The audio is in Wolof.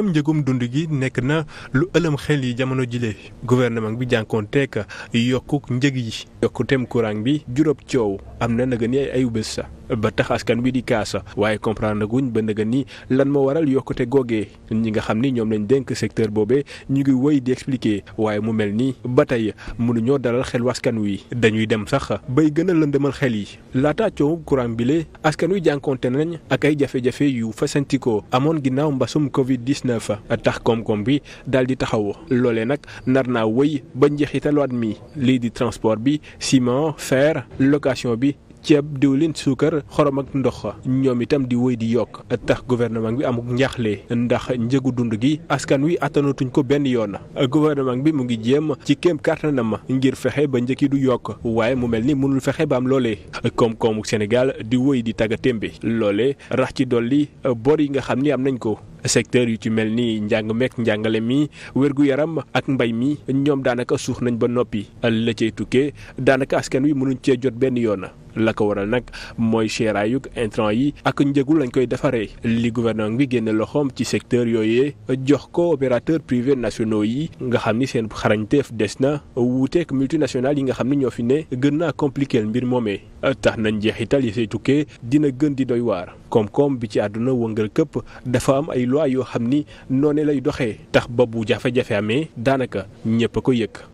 itam njëgum dund gi nekk na lu ëlëm xel yi jamono jile gouvernement bi jànkoonteek yokku njëg yi yokku tem courant bi juróom coow am na nag ni ay ayubés sax ba tax askan wi di kaasa waaye comprendre guñ ba nëgën ni lan moo waral yokkute googee ñi nga xam ni ñoom lañ dénk secteur boobee ñu ngi woy di expliquer waaye mu mel nii ba tey mënuñoo dalal xel waskan wi dañuy dem sax bay gëna a lëndëmal xel yi laata coowub bi bile askan wi jànkonte nañ ak ay jafe-jafe yu fasantikoo amoon ginnaaw mbasum Covid 19 tax koom-koom bi daal di taxaw loolee nag nar naa wëy ba njeexitaluwaat mi lii di transport bi ciment fer location bi ceeb diwlin suukar xorom ak ndox ñoom itam di woy di yokk tax gouvernement bi amuk njaaxle ndax njëgu dund gi askan wi àttanatuñ ko benn yoon gouvernement bi mu ngi jéem ci kéem ma ngir fexe ba njëkki du yokk waaye mu mel ni mënul fexe ba am loolee koom-koomu Sénégal di woy di tagga témbe loolee rax ci dolli bor yi nga xam ni am nañ ko secteur yu ci mel ni njàng meek njàngale mi wérgu yaram ak mbay mi ñoom daanaka suux nañ ba noppi la cay tukkee daanaka askan wi mënuñ cee jot benn yoon la ko waral nag mooy seeraayug intrant yi ak njëgu lañ koy defaree li gouvernement bi génne loxoom ci secteur yooyee jox ko opérateur privé nationaux yi nga xam ni seen xarañteef des na wuuteek multinationales yi nga xam ni ñoo fi ne gën naa compliquer mbir moomee tax nañ njeexital yi say tukkee dina gën di doy waar koom-koom bi ci àdduna wëngal këpp dafa am ay loi yoo xam ni noone lay doxee tax ba bu jafe-jafe amee daanaka ñëpp a ko yëg